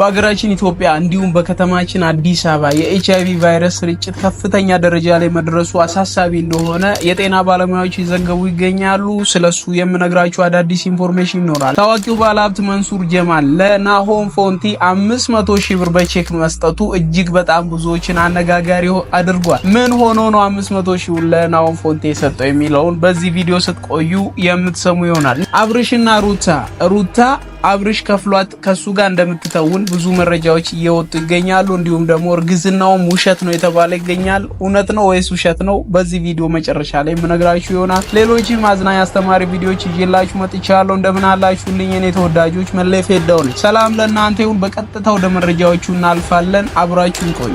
በሀገራችን ኢትዮጵያ እንዲሁም በከተማችን አዲስ አበባ የኤች አይቪ ቫይረስ ስርጭት ከፍተኛ ደረጃ ላይ መድረሱ አሳሳቢ እንደሆነ የጤና ባለሙያዎች ይዘገቡ ይገኛሉ። ስለሱ የምነግራችሁ አዳዲስ ኢንፎርሜሽን ይኖራል። ታዋቂው ባለሀብት መንሱር ጀማል ለናሆም ፎንቲ አምስት መቶ ሺህ ብር በቼክ መስጠቱ እጅግ በጣም ብዙዎችን አነጋጋሪ አድርጓል። ምን ሆኖ ነው አምስት መቶ ሺውን ለናሆም ፎንቲ የሰጠው የሚለውን በዚህ ቪዲዮ ስትቆዩ የምትሰሙ ይሆናል። አብርሽና ሩታ ሩታ አብርሽ ከፍሏት ከሱ ጋር እንደምትተውን ብዙ መረጃዎች እየወጡ ይገኛሉ። እንዲሁም ደግሞ እርግዝናውም ውሸት ነው የተባለ ይገኛል። እውነት ነው ወይስ ውሸት ነው? በዚህ ቪዲዮ መጨረሻ ላይ የምነግራችሁ ይሆናል። ሌሎች አዝናኝ አስተማሪ ቪዲዮዎች ይዤላችሁ መጥቻለሁ። እንደምን አላችሁልኝ እኔ ተወዳጆች? መለፌ ሄደው ነው ሰላም ለእናንተ ይሁን። በቀጥታ ወደ መረጃዎቹ እናልፋለን። አብራችሁን ቆዩ።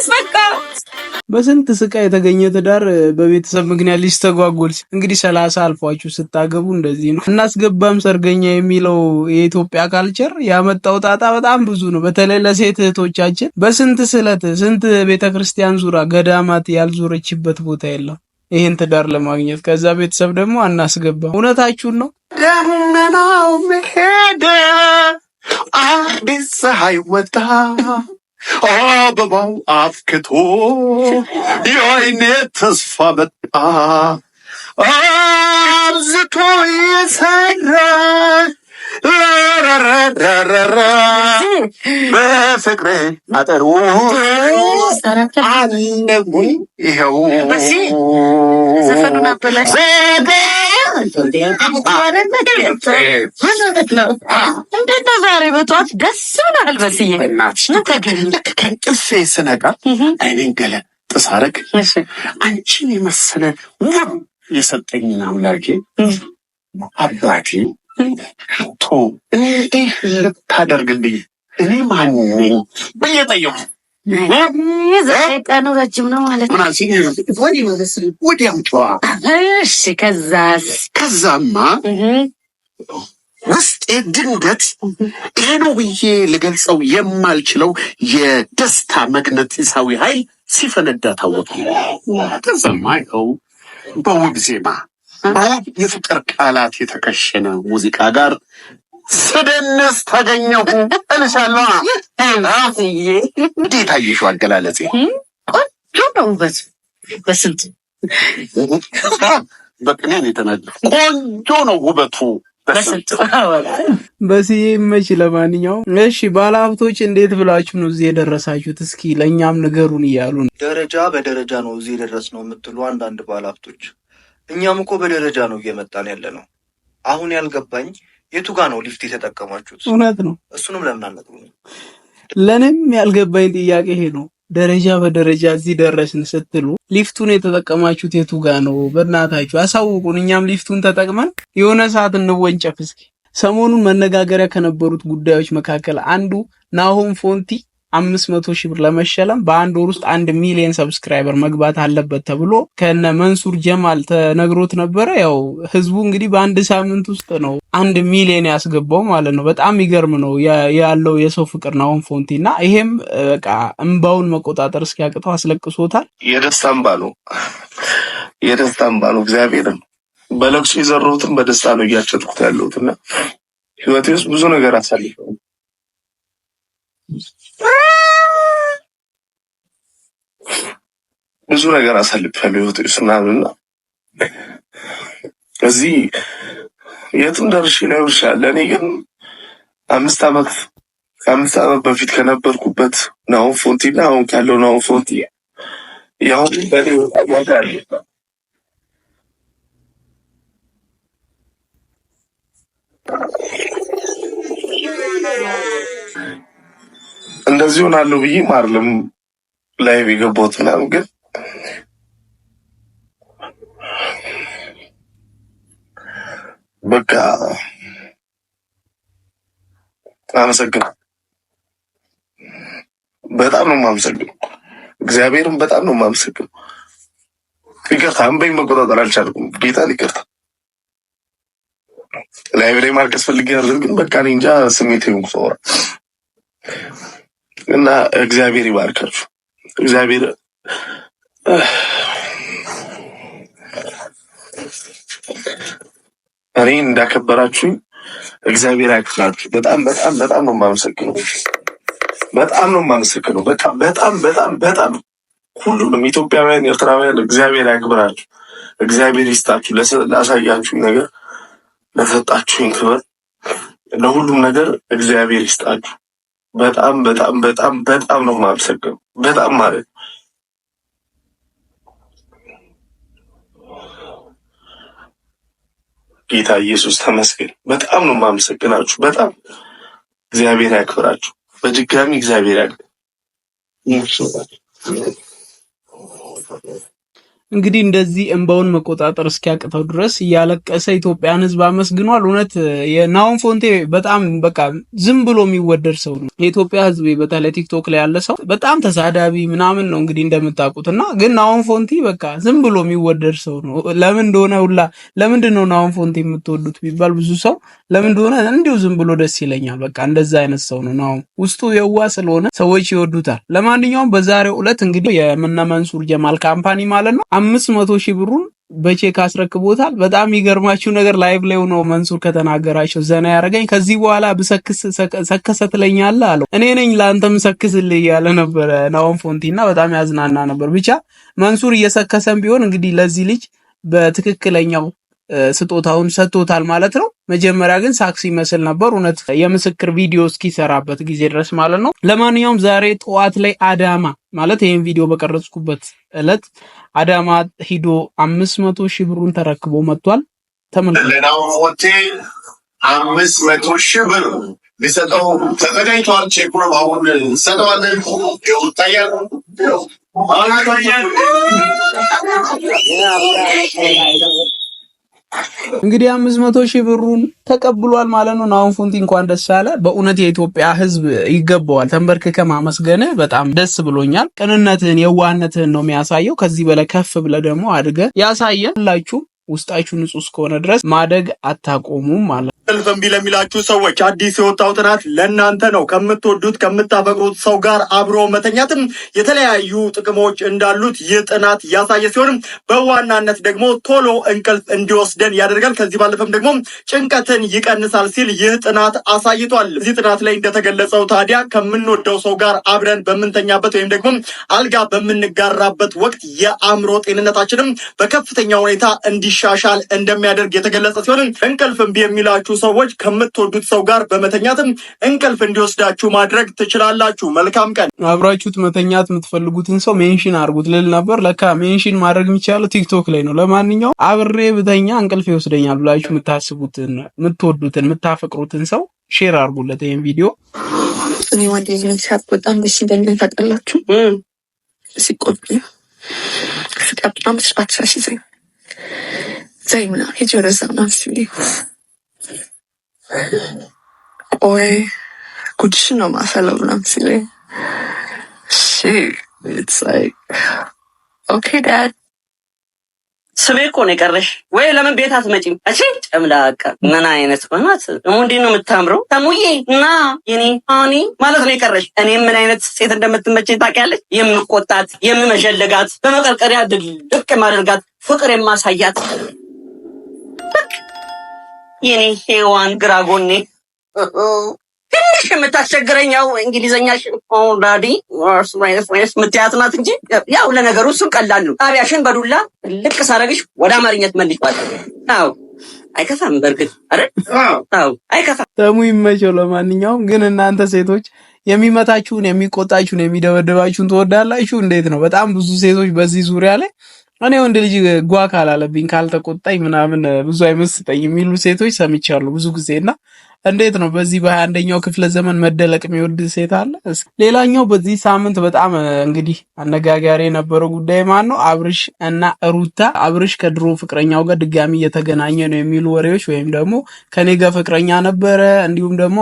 ይመለስ በቃ። በስንት ስቃይ የተገኘ ትዳር በቤተሰብ ምክንያት ልጅ ተጓጎል። እንግዲህ ሰላሳ አልፏችሁ ስታገቡ እንደዚህ ነው። እናስገባም ሰርገኛ የሚለው የኢትዮጵያ ካልቸር ያመጣው ጣጣ በጣም ብዙ ነው። በተለይ ለሴት እህቶቻችን በስንት ስለት ስንት ቤተክርስቲያን ዙራ ገዳማት ያልዞረችበት ቦታ የለም ይህን ትዳር ለማግኘት። ከዛ ቤተሰብ ደግሞ አናስገባም። እውነታችሁን ነው። ደመናው ሄደ፣ አዲስ ፀሐይ ወጣ። አበባው አፍክቶ የወይኔ ተስፋ መጣ አብዝቶ የሰራ ረረረረረ በፍቅር አለሙኝ ይኸው ዘፈኑን አበላሽ እንዴት ነው ዛሬ በጠዋት አንቺን የመሰለ ውብ የሰጠኝን አምላኬ አባቴ ቶ እንዲህ ልታደርግልኝ እኔ ማን ነኝ ብዬ ጠየቁ። ቀኑ ረጅም ነው ማለት ነው። ከዛስ? ከዛማ ውስጤ ድንገት ይሄ ነው ብዬ ልገልጸው የማልችለው የደስታ መግነጢሳዊ ኃይል ሲፈነዳ ከዛማ ይኸው በውብ ዜማ በውብ የፍቅር ቃላት የተከሸነ ሙዚቃ ጋር ስደንስ ታገኘሁ። እልሻለሁ። እንዴት አየሽው? አገላለጽ ቆንጆ ነው። ውበት በስንት በቅኔ ነው ቆንጆ ነው ውበቱ በስዬ መች። ለማንኛውም እሺ፣ ባለሀብቶች እንዴት ብላችሁ ነው እዚህ የደረሳችሁት? እስኪ ለእኛም ንገሩን እያሉ ደረጃ በደረጃ ነው እዚህ የደረስ ነው የምትሉ አንዳንድ ባለሀብቶች፣ እኛም እኮ በደረጃ ነው እየመጣን ያለ ነው። አሁን ያልገባኝ የቱ ጋ ነው ሊፍት የተጠቀማችሁት? እውነት ነው። እሱንም ለምን ለእኔም ያልገባኝ ጥያቄ ይሄ ነው። ደረጃ በደረጃ እዚህ ደረስን ስትሉ ሊፍቱን የተጠቀማችሁት የቱ ጋ ነው? በእናታችሁ አሳውቁን። እኛም ሊፍቱን ተጠቅመን የሆነ ሰዓት እንወንጨፍ እስኪ። ሰሞኑን መነጋገሪያ ከነበሩት ጉዳዮች መካከል አንዱ ናሆም ፎንቲ አምስት መቶ ሺህ ብር ለመሸለም በአንድ ወር ውስጥ አንድ ሚሊዮን ሰብስክራይበር መግባት አለበት ተብሎ ከነ መንሱር ጀማል ተነግሮት ነበረ። ያው ህዝቡ እንግዲህ በአንድ ሳምንት ውስጥ ነው አንድ ሚሊዮን ያስገባው ማለት ነው። በጣም ይገርም ነው ያለው የሰው ፍቅር ናሆም ፎንቲ እና ይሄም በቃ እንባውን መቆጣጠር እስኪያቅተው አስለቅሶታል። የደስታ እንባ ነው፣ የደስታ እንባ ነው። እግዚአብሔርን በለቅሶ የዘራሁትን በደስታ ነው እያጨድኩት ያለሁት እና ህይወቴ ውስጥ ብዙ ነገር አሳልፈው ብዙ ነገር አሳልፌያለሁ ህይወት እሱ ምናምንና እዚህ የትም ደርሼ ላይሆን ይችላል። ለእኔ ግን አምስት ዓመት ከአምስት ዓመት በፊት ከነበርኩበት ናሆም ፎንቲ እና አሁን ካለው ናሆም ፎንቲ ያሁን በእኔ ዋጋ አለ እንደዚህ ሆናለሁ ብዬ ማርለም ላይ የገባሁት ምናምን ግን በቃ አመሰግናለሁ። በጣም ነው የማመሰግነው። እግዚአብሔርም በጣም ነው የማመሰግነው። ይቅርታ አንበኝ መቆጣጠር አልቻልኩም። ጌታን ይቅርታ። ላይቭ ላይ ማርከስ ፈልጌ ነበር፣ ግን በቃ እኔ እንጃ ስሜት ይሁን ሰውራ እና እግዚአብሔር ይባርካችሁ። እግዚአብሔር እኔ እንዳከበራችሁኝ እግዚአብሔር ያክብራችሁ። በጣም በጣም በጣም ነው የማመሰግነው። በጣም ነው የማመሰግነው። በጣም በጣም በጣም በጣም ሁሉንም ኢትዮጵያውያን፣ ኤርትራውያን እግዚአብሔር ያክብራችሁ፣ እግዚአብሔር ይስጣችሁ። ላሳያችሁኝ ነገር፣ ለሰጣችሁኝ ክብር፣ ለሁሉም ነገር እግዚአብሔር ይስጣችሁ። በጣም በጣም በጣም በጣም ነው የማመሰግነው። በጣም ማለት ነው ጌታ ኢየሱስ ተመስገን። በጣም ነው የማመሰግናችሁ። በጣም እግዚአብሔር ያክብራችሁ። በድጋሚ እግዚአብሔር ያክብራችሁ። እንግዲህ እንደዚህ እንባውን መቆጣጠር እስኪያቅተው ድረስ እያለቀሰ ኢትዮጵያን ህዝብ አመስግኗል። እውነት የናሆም ፎንቴ በጣም በቃ ዝም ብሎ የሚወደድ ሰው ነው። የኢትዮጵያ ህዝብ በተለይ ቲክቶክ ላይ ያለ ሰው በጣም ተሳዳቢ ምናምን ነው እንግዲህ እንደምታውቁት እና ግን ናሆም ፎንቴ በቃ ዝም ብሎ የሚወደድ ሰው ነው። ለምን እንደሆነ ሁላ ለምንድን ነው ናሆም ፎንቴ የምትወዱት ቢባል ብዙ ሰው ለምን እንደሆነ እንዲሁ ዝም ብሎ ደስ ይለኛል። በቃ እንደዛ አይነት ሰው ነው ናሆም። ውስጡ የዋ ስለሆነ ሰዎች ይወዱታል። ለማንኛውም በዛሬው ዕለት እንግዲህ የምነ መንሱር ጀማል ካምፓኒ ማለት ነው አምስት መቶ ሺህ ብሩን በቼክ አስረክቦታል። በጣም ይገርማችሁ ነገር ላይቭ ላይ ሆኖ መንሱር ከተናገራቸው ዘና ያደረገኝ ከዚህ በኋላ ብሰክስ ሰከሰ ትለኛለህ አለው። እኔ ነኝ ለአንተም ሰክስልህ እያለ ነበረ ናሆም ፎንቲ እና በጣም ያዝናና ነበር። ብቻ መንሱር እየሰከሰን ቢሆን እንግዲህ ለዚህ ልጅ በትክክለኛው ስጦታውን ሰጥቶታል ማለት ነው። መጀመሪያ ግን ሳክስ ይመስል ነበር እውነት የምስክር ቪዲዮ እስኪሰራበት ጊዜ ድረስ ማለት ነው። ለማንኛውም ዛሬ ጠዋት ላይ አዳማ ማለት ይህን ቪዲዮ በቀረጽኩበት እለት አዳማ ሂዶ አምስት መቶ ሺህ ብሩን ተረክቦ መጥቷል። ተመልለናው ፎቴ አምስት መቶ ሺህ ብር ሊሰጠው ተዘጋጅተዋል። ቼኩን አሁን ሰጠዋለን ይታያል ይታያል እንግዲህ አምስት መቶ ሺህ ብሩን ተቀብሏል ማለት ነው። ናሁን ፉንቲ እንኳን ደስ አለ። በእውነት የኢትዮጵያ ሕዝብ ይገባዋል። ተንበርክከ ማመስገን በጣም ደስ ብሎኛል። ቅንነትህን፣ የዋህነትህን ነው የሚያሳየው። ከዚህ በላይ ከፍ ብለህ ደግሞ አድገህ ያሳየን። ሁላችሁም ውስጣችሁ ንጹህ እስከሆነ ድረስ ማደግ አታቆሙም ማለት እንቅልፍ ለሚላችሁ ሰዎች አዲስ የወጣው ጥናት ለእናንተ ነው። ከምትወዱት ከምታፈቅሩት ሰው ጋር አብሮ መተኛትም የተለያዩ ጥቅሞች እንዳሉት ይህ ጥናት ያሳየ ሲሆንም በዋናነት ደግሞ ቶሎ እንቅልፍ እንዲወስደን ያደርጋል። ከዚህ ባለፈም ደግሞ ጭንቀትን ይቀንሳል ሲል ይህ ጥናት አሳይቷል። እዚህ ጥናት ላይ እንደተገለጸው ታዲያ ከምንወደው ሰው ጋር አብረን በምንተኛበት ወይም ደግሞ አልጋ በምንጋራበት ወቅት የአእምሮ ጤንነታችንም በከፍተኛ ሁኔታ እንዲሻሻል እንደሚያደርግ የተገለጸ ሲሆን እንቅልፍ እምቢ የሚላችሁ ሰዎች ከምትወዱት ሰው ጋር በመተኛትም እንቅልፍ እንዲወስዳችሁ ማድረግ ትችላላችሁ። መልካም ቀን። አብራችሁት መተኛት የምትፈልጉትን ሰው ሜንሽን አድርጉት ልል ነበር። ለካ ሜንሽን ማድረግ የሚቻለው ቲክቶክ ላይ ነው። ለማንኛውም አብሬ ብተኛ እንቅልፍ ይወስደኛል ብላችሁ የምታስቡትን የምትወዱትን የምታፈቅሩትን ሰው ሼር አድርጉለት ይህን ቪዲዮ። እኔ ወደ ሳት በጣም ደስ ይለኛል። ታውቃላችሁ ሲቆብ ፍቃ በጣም ስርዓት ሻሽ ዘይ ዘይ ምና ሄጅ ወደዛ ምናምን ሲል Boy, kutishino mafelovna msile. Shoot. It's like, okay, dad. ስቤ እኮ ነው የቀረሽ። ወይ ለምን ቤት አትመጪም? እሺ ጨምላቃ፣ ምን አይነት ማለት ደግሞ ነው የምታምረው? ተሙዬ እና የኔ አኒ ማለት ነው የቀረሽ። እኔ ምን አይነት ሴት እንደምትመቸኝ ታውቂያለሽ? የምቆጣት፣ የምመዠለጋት፣ በመቀርቀሪያ ድልቅ የማደርጋት፣ ፍቅር የማሳያት የኔ ሄዋን ግራ ጎኔ ትንሽ የምታስቸግረኛው እንግሊዘኛ ዳዲ ምትያት ናት እንጂ ያው ለነገሩ እሱን ቀላል ነው። ጣቢያሽን በዱላ ልቅ ሳረግሽ ወደ አማርኛት መልሷል። አዎ አይከፋም። በእርግጥ አይደል? አዎ አይከፋም። ተሙ ይመቸው። ለማንኛውም ግን እናንተ ሴቶች የሚመታችሁን፣ የሚቆጣችሁን፣ የሚደበደባችሁን ትወዳላችሁ? እንዴት ነው? በጣም ብዙ ሴቶች በዚህ ዙሪያ ላይ እኔ ወንድ ልጅ ጓ ካላለብኝ ካልተቆጣኝ ምናምን ብዙ አይመስጠኝ የሚሉ ሴቶች ሰምቻለሁ ብዙ ጊዜ እና እንዴት ነው በዚህ በሀያ አንደኛው ክፍለ ዘመን መደለቅ የሚወድ ሴት አለ? ሌላኛው በዚህ ሳምንት በጣም እንግዲህ አነጋጋሪ የነበረው ጉዳይ ማን ነው? አብርሽ እና ሩታ። አብርሽ ከድሮ ፍቅረኛው ጋር ድጋሚ እየተገናኘ ነው የሚሉ ወሬዎች ወይም ደግሞ ከኔ ጋር ፍቅረኛ ነበረ እንዲሁም ደግሞ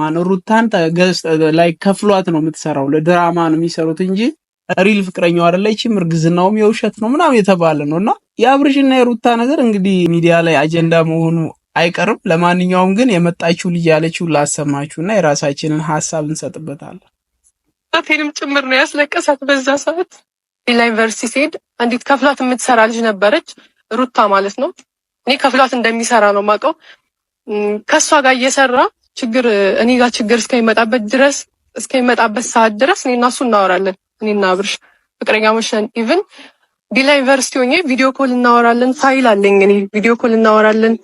ማን ሩታን ላይ ከፍሏት ነው የምትሰራው ለድራማ ነው የሚሰሩት እንጂ ሪል ፍቅረኛው አይደለችም፣ እርግዝናውም የውሸት ነው ምናምን የተባለ ነው እና የአብርሽና የሩታ ነገር እንግዲህ ሚዲያ ላይ አጀንዳ መሆኑ አይቀርም። ለማንኛውም ግን የመጣችው ልጅ ያለችው ላሰማችሁ እና የራሳችንን ሀሳብ እንሰጥበታለን። ቴንም ጭምር ነው ያስለቀሳት። በዛ ሰዓት ሌላ ዩኒቨርሲቲ ሲሄድ አንዲት ከፍላት የምትሰራ ልጅ ነበረች፣ ሩታ ማለት ነው። እኔ ከፍላት እንደሚሰራ ነው ማቀው። ከእሷ ጋር እየሰራ ችግር እኔ ጋር ችግር እስከሚመጣበት ድረስ እስከሚመጣበት ሰዓት ድረስ እኔ እና እሱ እናወራለን እኔና አብርሽ ፍቅረኛ መሸን ኢቭን ዲላ ዩኒቨርሲቲ ሆኜ ቪዲዮ ኮል እናወራለን። ፋይል አለኝ እኔ ቪዲዮ ኮል እናወራለን።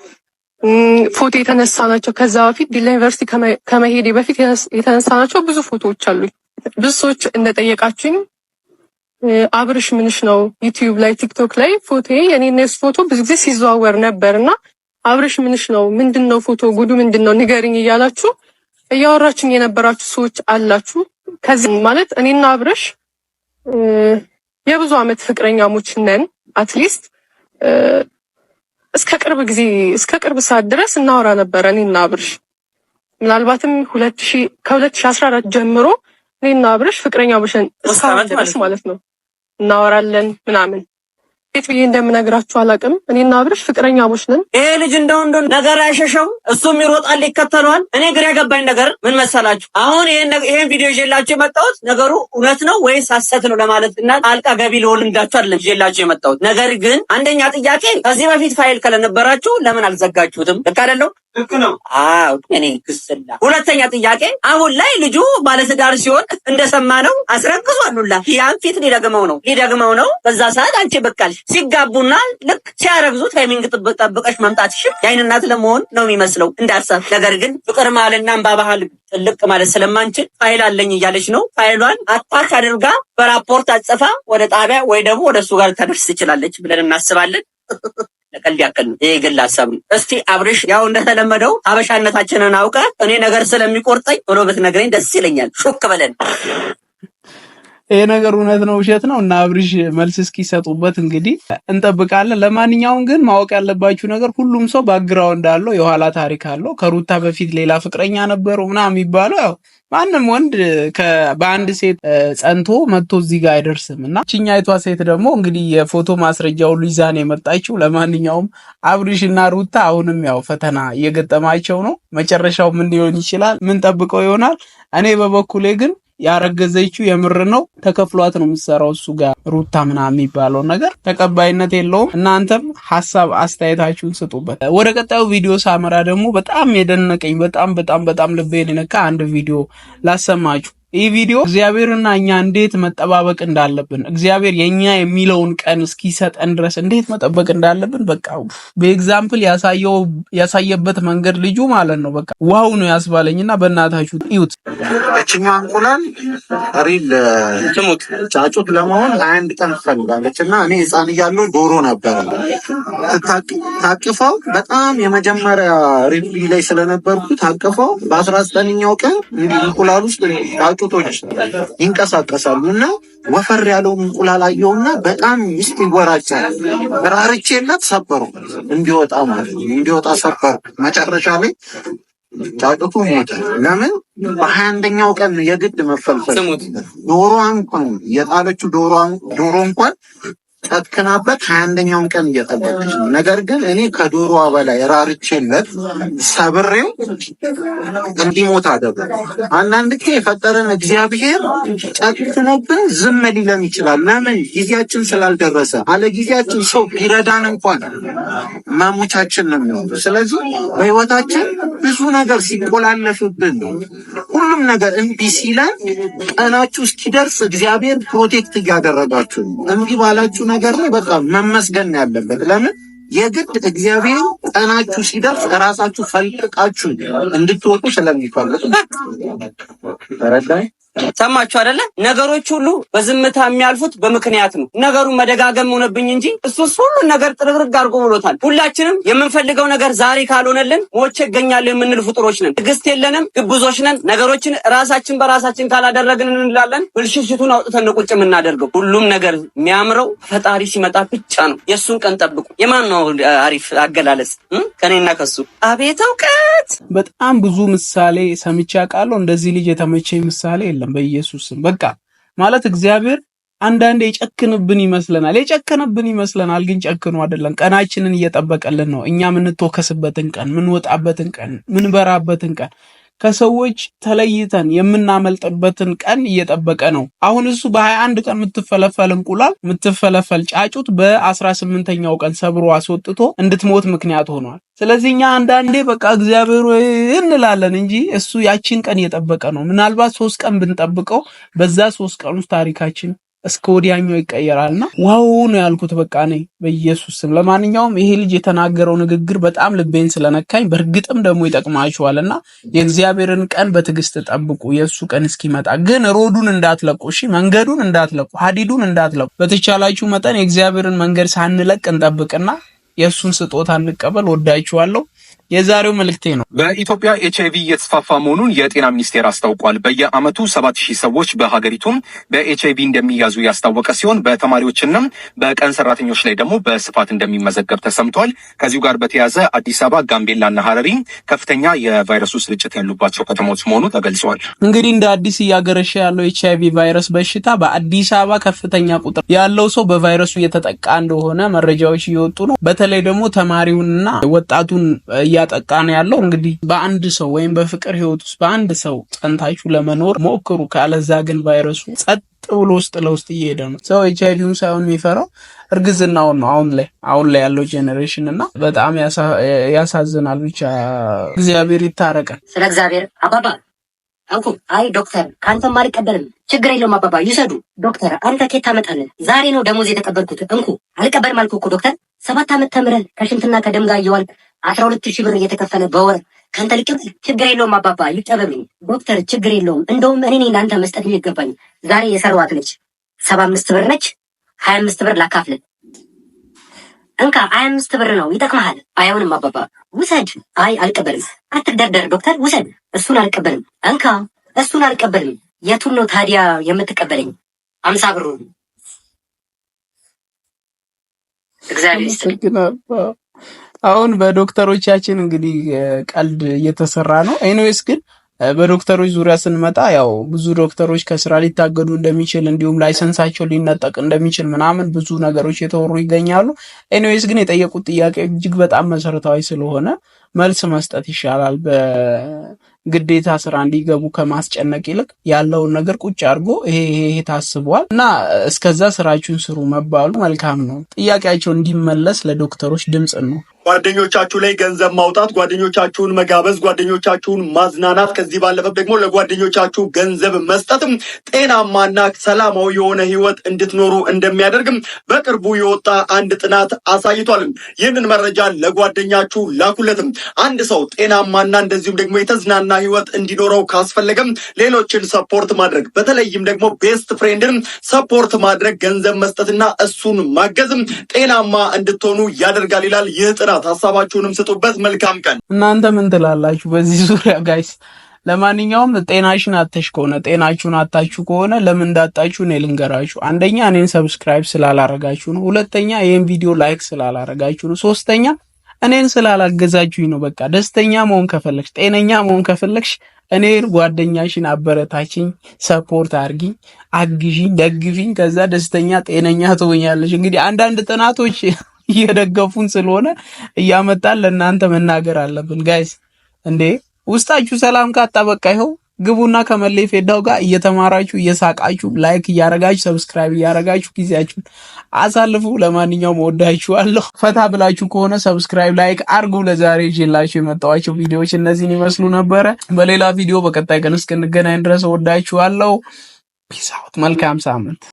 ፎቶ የተነሳ ናቸው። ከዛ በፊት ዲላ ዩኒቨርሲቲ ከመሄዴ በፊት የተነሳ ናቸው ብዙ ፎቶዎች አሉ። ብዙ ሰዎች እንደጠየቃችሁኝ አብርሽ ምንሽ ነው ዩቲዩብ ላይ ቲክቶክ ላይ ፎቶ የኔ ነስ ፎቶ ብዙ ጊዜ ሲዘዋወር ነበር እና አብርሽ ምንሽ ነው ምንድን ነው ፎቶ ጉዱ ምንድን ነው ንገርኝ እያላችሁ እያወራችኝ የነበራችሁ ሰዎች አላችሁ። ከዚህ ማለት እኔና አብርሽ የብዙ አመት ፍቅረኛሞች ነን። አትሊስት እስከ ቅርብ ጊዜ እስከ ቅርብ ሰዓት ድረስ እናወራ ነበረ እና አብርሽ ምናልባትም ከሁለት ሺህ አስራ አራት ጀምሮ እና አብርሽ ፍቅረኛሞች ነን እስካሁን ድረስ ማለት ነው እናወራለን ምናምን ቤት ብዬ እንደምነግራችሁ አላቅም። እኔና አብርሽ ፍቅረኛሞች ነን። ይሄ ልጅ እንደው እንደው ነገር አይሸሸው፣ እሱም ይሮጣል ይከተለዋል። እኔ ግራ ያገባኝ ነገር ምን መሰላችሁ? አሁን ይሄን ቪዲዮ ይዤላችሁ የመጣሁት ነገሩ እውነት ነው ወይስ ሐሰት ነው ለማለት እና አልቃ ገቢ ልሆን እንዳችሁ አይደለም ይዤላችሁ የመጣሁት ነገር ግን አንደኛ ጥያቄ ከዚህ በፊት ፋይል ከለነበራችሁ ለምን አልዘጋችሁትም? ልክ አይደለም? ልክ ነው። አዎ እኔ ክስላ። ሁለተኛ ጥያቄ አሁን ላይ ልጁ ባለትዳር ሲሆን እንደሰማ ነው አስረግዟል ሁላ። ያን ፊት ሊደግመው ነው ሊደግመው ነው። በዛ ሰዓት አንቺ በቃል ሲጋቡና ልክ ሲያረግዙ ታይሚንግ ጠብቀሽ መምጣትሽን የዓይን እናት ለመሆን ነው የሚመስለው እንዳሰብ። ነገር ግን ፍቅር ማልና እንባ ጥልቅ ማለት ስለማንችል ፋይል አለኝ እያለች ነው። ፋይሏን አታች አድርጋ በራፖርት አጽፋ ወደ ጣቢያ ወይ ደግሞ ወደ እሱ ጋር ተደርስ ትችላለች ብለን እናስባለን። ለቀልድ ያክል ነው። ይህ ግል ሀሳብ ነው። እስቲ አብርሽ፣ ያው እንደተለመደው ሀበሻነታችንን አውቀ እኔ ነገር ስለሚቆርጠኝ ቶሎ ብትነግረኝ ደስ ይለኛል። ሹክ በለን ይሄ ነገር እውነት ነው ውሸት ነው? እና አብርሽ መልስ እስኪሰጡበት እንግዲህ እንጠብቃለን። ለማንኛውም ግን ማወቅ ያለባችሁ ነገር ሁሉም ሰው ባግራውንድ አለው፣ የኋላ ታሪክ አለው። ከሩታ በፊት ሌላ ፍቅረኛ ነበረው ምናምን የሚባለው ያው ማንም ወንድ በአንድ ሴት ጸንቶ መጥቶ እዚህ ጋር አይደርስም እና ችኛይቷ ሴት ደግሞ እንግዲህ የፎቶ ማስረጃ ሁሉ የመጣችው። ለማንኛውም አብርሽ እና ሩታ አሁንም ያው ፈተና እየገጠማቸው ነው። መጨረሻው ምን ሊሆን ይችላል? ምን ጠብቀው ይሆናል? እኔ በበኩሌ ግን ያረገዘችው የምር ነው ተከፍሏት ነው የምትሰራው። እሱ ጋር ሩታ ምናምን የሚባለው ነገር ተቀባይነት የለውም። እናንተም ሀሳብ አስተያየታችሁን ስጡበት። ወደ ቀጣዩ ቪዲዮ ሳመራ ደግሞ በጣም የደነቀኝ በጣም በጣም በጣም ልቤን የነካ አንድ ቪዲዮ ላሰማችሁ። ይህ ቪዲዮ እግዚአብሔርና እኛ እንዴት መጠባበቅ እንዳለብን እግዚአብሔር የእኛ የሚለውን ቀን እስኪሰጠን ድረስ እንዴት መጠበቅ እንዳለብን በቃ በኤግዛምፕል ያሳየበት መንገድ ልጁ ማለት ነው። በቃ ዋው ነው ያስባለኝና በእናታችሁ እዩት። እችኛ እንቁላል ሪል ጫጩት ለመሆን አንድ ቀን ትፈልጋለች እና እኔ ህፃን እያለሁ ዶሮ ነበረ ታቅፈው በጣም የመጀመሪያ ሪል ላይ ስለነበርኩ ታቅፈው በአስራ ዘጠነኛው ቀን እንቁላል ውስጥ ጡቶች ይንቀሳቀሳሉ እና ወፈር ያለውን እንቁላል አየውና በጣም ውስጥ ይወራጫል። በራርቼ የላት ሰበሩ እንዲወጣ ማለት ነው። እንዲወጣ ሰበሩ። መጨረሻ ላይ ጫጩቱ ይሞታል። ለምን በሀያ አንደኛው ቀን የግድ መፈልፈል ዶሮ እንኳን የጣለችው ዶሮ እንኳን ጨክናበት ሀያ አንደኛውን ቀን እየጠበቀች ነው። ነገር ግን እኔ ከዶሮዋ በላይ ራርቼለት ሰብሬው እንዲሞት አደረ። አንዳንድ ጊዜ የፈጠረን እግዚአብሔር ጨክኖብን ዝም ሊለን ይችላል። ለምን ጊዜያችን ስላልደረሰ፣ አለ ጊዜያችን ሰው ቢረዳን እንኳን መሞቻችን ነው የሚሆኑ። ስለዚህ በህይወታችን ብዙ ነገር ሲቆላለፍብን ነው ሁሉም ነገር እምቢ ሲለን ቀናችሁ እስኪደርስ እግዚአብሔር ፕሮቴክት እያደረጋችሁ ነው። እምቢ ባላችሁ ነገር ላይ በቃ መመስገን ያለበት ለምን የግድ እግዚአብሔር ቀናችሁ ሲደርስ እራሳችሁ ፈልቃችሁ እንድትወጡ ስለሚፈልግ ረዳይ ሰማችሁ አይደለ? ነገሮች ሁሉ በዝምታ የሚያልፉት በምክንያት ነው። ነገሩ መደጋገም ሆነብኝ እንጂ እሱ ሁሉን ነገር ጥርግርግ አድርጎ ብሎታል። ሁላችንም የምንፈልገው ነገር ዛሬ ካልሆነልን ሞቼ እገኛለሁ የምንል ፍጡሮች ነን። ትዕግስት የለንም፣ ግብዞች ነን። ነገሮችን ራሳችን በራሳችን ካላደረግን እንላለን። ብልሽሽቱን አውጥተን ቁጭ የምናደርገው። ሁሉም ነገር የሚያምረው ፈጣሪ ሲመጣ ብቻ ነው። የእሱን ቀን ጠብቁ። የማን ነው አሪፍ አገላለጽ? ከኔና ከሱ አቤት እውቀት። በጣም ብዙ ምሳሌ ሰምቼ አውቃለሁ። እንደዚህ ልጅ የተመቸኝ ምሳሌ አይደለም። ስም በቃ ማለት እግዚአብሔር አንዳንዴ የጨክንብን ይመስለናል የጨከነብን ይመስለናል፣ ግን ጨክኖ አይደለም። ቀናችንን እየጠበቀልን ነው። እኛ የምንተከስበትን ቀን፣ የምንወጣበትን ቀን፣ የምንበራበትን ቀን ከሰዎች ተለይተን የምናመልጥበትን ቀን እየጠበቀ ነው። አሁን እሱ በ21 ቀን የምትፈለፈል እንቁላል የምትፈለፈል ጫጩት በ18ኛው ቀን ሰብሮ አስወጥቶ እንድትሞት ምክንያት ሆኗል። ስለዚህ እኛ አንዳንዴ በቃ እግዚአብሔር እንላለን እንጂ እሱ ያቺን ቀን እየጠበቀ ነው። ምናልባት ሶስት ቀን ብንጠብቀው በዛ ሶስት ቀን ውስጥ ታሪካችን እስከ ወዲያኛው ይቀየራል ዋው ነው ያልኩት። በቃ እኔ በኢየሱስ ስም። ለማንኛውም ይሄ ልጅ የተናገረው ንግግር በጣም ልቤን ስለነካኝ በእርግጥም ደግሞ ይጠቅማችኋል እና የእግዚአብሔርን ቀን በትዕግስት ጠብቁ፣ የእሱ ቀን እስኪመጣ ግን ሮዱን እንዳትለቁ፣ እሺ መንገዱን እንዳትለቁ፣ ሀዲዱን እንዳትለቁ። በተቻላችሁ መጠን የእግዚአብሔርን መንገድ ሳንለቅ እንጠብቅና የእሱን ስጦታ እንቀበል። ወዳችኋለሁ። የዛሬው መልእክቴ ነው። በኢትዮጵያ ኤች አይቪ እየተስፋፋ መሆኑን የጤና ሚኒስቴር አስታውቋል። በየአመቱ ሰባት ሺህ ሰዎች በሀገሪቱም በኤች አይቪ እንደሚያዙ ያስታወቀ ሲሆን በተማሪዎችና በቀን ሰራተኞች ላይ ደግሞ በስፋት እንደሚመዘገብ ተሰምቷል። ከዚሁ ጋር በተያያዘ አዲስ አበባ፣ ጋምቤላና ሀረሪ ከፍተኛ የቫይረሱ ስርጭት ያሉባቸው ከተሞች መሆኑ ተገልጿል። እንግዲህ እንደ አዲስ እያገረሸ ያለው ኤች አይቪ ቫይረስ በሽታ በአዲስ አበባ ከፍተኛ ቁጥር ያለው ሰው በቫይረሱ እየተጠቃ እንደሆነ መረጃዎች እየወጡ ነው። በተለይ ደግሞ ተማሪውንና ወጣቱን እያጠቃ ነው ያለው። እንግዲህ በአንድ ሰው ወይም በፍቅር ህይወት ውስጥ በአንድ ሰው ጸንታችሁ ለመኖር ሞክሩ። ካለዛ ግን ቫይረሱ ጸጥ ብሎ ውስጥ ለውስጥ እየሄደ ነው። ሰው ኤች አይቪውን ሳይሆን የሚፈራው እርግዝናውን ነው። አሁን ላይ አሁን ላይ ያለው ጄኔሬሽን እና በጣም ያሳዝናል። ብቻ እግዚአብሔር ይታረቀን። ስለ እግዚአብሔር አባባ አንኩ አይ ዶክተር ከአንተም አልቀበልም። ችግር የለውም አባባ ይውሰዱ። ዶክተር አንተ ኬት ታመጣለህ? ዛሬ ነው ደሞዝ የተቀበልኩት። እንኩ አልቀበልም አልኩ እኮ ዶክተር ሰባት ዓመት ተምረህ ከሽንትና ከደም ጋር እየዋልክ አስራ ሁለት ሺህ ብር እየተከፈለ በወር ከንተ ልቅም ችግር የለውም አባባ ይጠበብኝ ዶክተር ችግር የለውም እንደውም እኔ እናንተ መስጠት የሚገባኝ ዛሬ የሰሯት ልጅ ሰባ አምስት ብር ነች ሀያ አምስት ብር ላካፍልን እንካ ሀያ አምስት ብር ነው ይጠቅመሃል አይሆንም አባባ ውሰድ አይ አልቀበልም አትደርደር ዶክተር ውሰድ እሱን አልቀበልም እንካ እሱን አልቀበልም የቱን ነው ታዲያ የምትቀበለኝ አምሳ ብሩ እግዚአብሔር አሁን በዶክተሮቻችን እንግዲህ ቀልድ እየተሰራ ነው። ኤኒዌይስ ግን በዶክተሮች ዙሪያ ስንመጣ ያው ብዙ ዶክተሮች ከስራ ሊታገዱ እንደሚችል እንዲሁም ላይሰንሳቸው ሊነጠቅ እንደሚችል ምናምን ብዙ ነገሮች የተወሩ ይገኛሉ። ኤኒዌይስ ግን የጠየቁት ጥያቄ እጅግ በጣም መሰረታዊ ስለሆነ መልስ መስጠት ይሻላል በግዴታ ስራ እንዲገቡ ከማስጨነቅ ይልቅ ያለውን ነገር ቁጭ አድርጎ ይሄ ይሄ ታስቧል እና እስከዛ ስራችሁን ስሩ መባሉ መልካም ነው። ጥያቄያቸው እንዲመለስ ለዶክተሮች ድምፅ ነው። ጓደኞቻችሁ ላይ ገንዘብ ማውጣት፣ ጓደኞቻችሁን መጋበዝ፣ ጓደኞቻችሁን ማዝናናት፣ ከዚህ ባለፈ ደግሞ ለጓደኞቻችሁ ገንዘብ መስጠትም ጤናማና ሰላማዊ የሆነ ህይወት እንድትኖሩ እንደሚያደርግም በቅርቡ የወጣ አንድ ጥናት አሳይቷል። ይህንን መረጃ ለጓደኛችሁ ላኩለትም። አንድ ሰው ጤናማና እንደዚሁም ደግሞ የተዝናና ህይወት እንዲኖረው ካስፈለገም ሌሎችን ሰፖርት ማድረግ በተለይም ደግሞ ቤስት ፍሬንድን ሰፖርት ማድረግ፣ ገንዘብ መስጠትና እሱን ማገዝም ጤናማ እንድትሆኑ ያደርጋል ይላል ይህ ሀገራት ሀሳባችሁንም ስጡበት። መልካም ቀን። እናንተ ምን ትላላችሁ በዚህ ዙሪያ ጋይስ? ለማንኛውም ጤናሽን አተሽ ከሆነ ጤናችሁን አታችሁ ከሆነ ለምን እንዳጣችሁ እኔ ልንገራችሁ። አንደኛ እኔን ሰብስክራይብ ስላላረጋችሁ ነው። ሁለተኛ ይህን ቪዲዮ ላይክ ስላላረጋችሁ ነው። ሶስተኛ እኔን ስላላገዛችሁኝ ነው። በቃ ደስተኛ መሆን ከፈለግሽ፣ ጤነኛ መሆን ከፈለግሽ እኔ ጓደኛሽን አበረታችኝ፣ ሰፖርት አርጊኝ፣ አግዢኝ፣ ደግፊኝ። ከዛ ደስተኛ ጤነኛ ትሆኛለሽ። እንግዲህ አንዳንድ ጥናቶች እየደገፉን ስለሆነ እያመጣን ለእናንተ መናገር አለብን። ጋይስ እንዴ ውስጣችሁ ሰላም ካጣ በቃ ይኸው ግቡና ከመለይ ፌዳው ጋር እየተማራችሁ እየሳቃችሁ ላይክ እያረጋችሁ ሰብስክራይብ እያረጋችሁ ጊዜያችሁን አሳልፉ። ለማንኛውም ወዳችኋለሁ። ፈታ ብላችሁ ከሆነ ሰብስክራይብ ላይክ አርጉ። ለዛሬ ይዤላችሁ የመጣኋቸው ቪዲዮዎች እነዚህን ይመስሉ ነበረ። በሌላ ቪዲዮ በቀጣይ ቀን እስክንገናኝ ድረስ ወዳችኋለሁ። ፒስ አውት። መልካም ሳምንት